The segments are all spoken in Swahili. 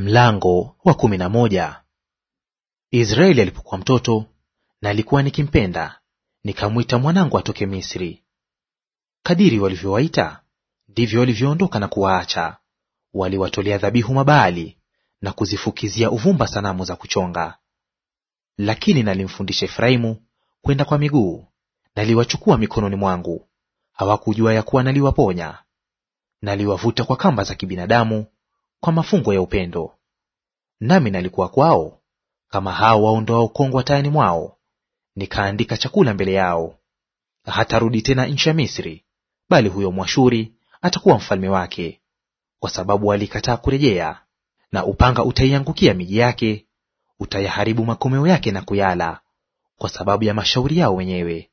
Mlango wa kumi na moja. Israeli alipokuwa mtoto, na alikuwa nikimpenda, nikamwita mwanangu atoke Misri. Kadiri walivyowaita ndivyo walivyoondoka na kuwaacha, waliwatolea dhabihu Mabaali na kuzifukizia uvumba sanamu za kuchonga. Lakini nalimfundisha Efraimu kwenda kwa miguu, naliwachukua mikononi mwangu, hawakujua ya kuwa naliwaponya. Naliwavuta kwa kamba za kibinadamu kwa mafungo ya upendo. Nami nalikuwa kwao kama hao waondoao kongwa tayani mwao, nikaandika chakula mbele yao. Hatarudi tena nchi ya Misri, bali huyo Mwashuri atakuwa mfalme wake, kwa sababu alikataa kurejea. Na upanga utaiangukia miji yake, utayaharibu makomeo yake na kuyala, kwa sababu ya mashauri yao wenyewe.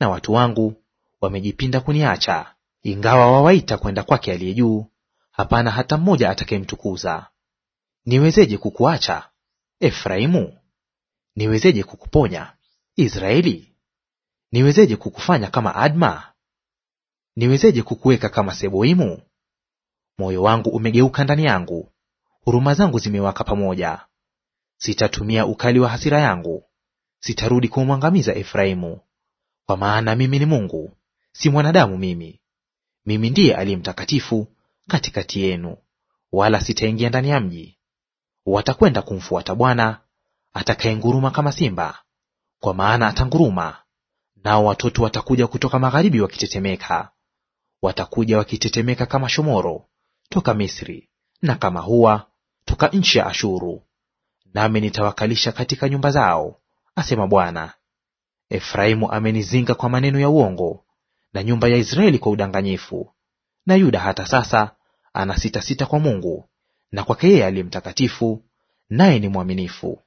Na watu wangu wamejipinda kuniacha, ingawa wawaita kwenda kwake aliye juu hapana hata mmoja atakayemtukuza. Niwezeje kukuacha Efraimu? Niwezeje kukuponya Israeli? Niwezeje kukufanya kama Adma? Niwezeje kukuweka kama Seboimu? Moyo wangu umegeuka ndani yangu, huruma zangu zimewaka pamoja. Sitatumia ukali wa hasira yangu, sitarudi kumwangamiza Efraimu, kwa maana mimi ni Mungu, si mwanadamu mimi. Mimi ndiye aliye mtakatifu katikati yenu, wala sitaingia ndani ya mji. Watakwenda kumfuata Bwana atakayenguruma kama simba, kwa maana atanguruma. Nao watoto watakuja kutoka magharibi wakitetemeka, watakuja wakitetemeka kama shomoro toka Misri, na kama hua toka nchi ya Ashuru. Nami nitawakalisha katika nyumba zao, asema Bwana. Efraimu amenizinga kwa maneno ya uongo, na nyumba ya Israeli kwa udanganyifu na Yuda hata sasa sita kwa Mungu na kwake yeye aliye mtakatifu, naye ni mwaminifu.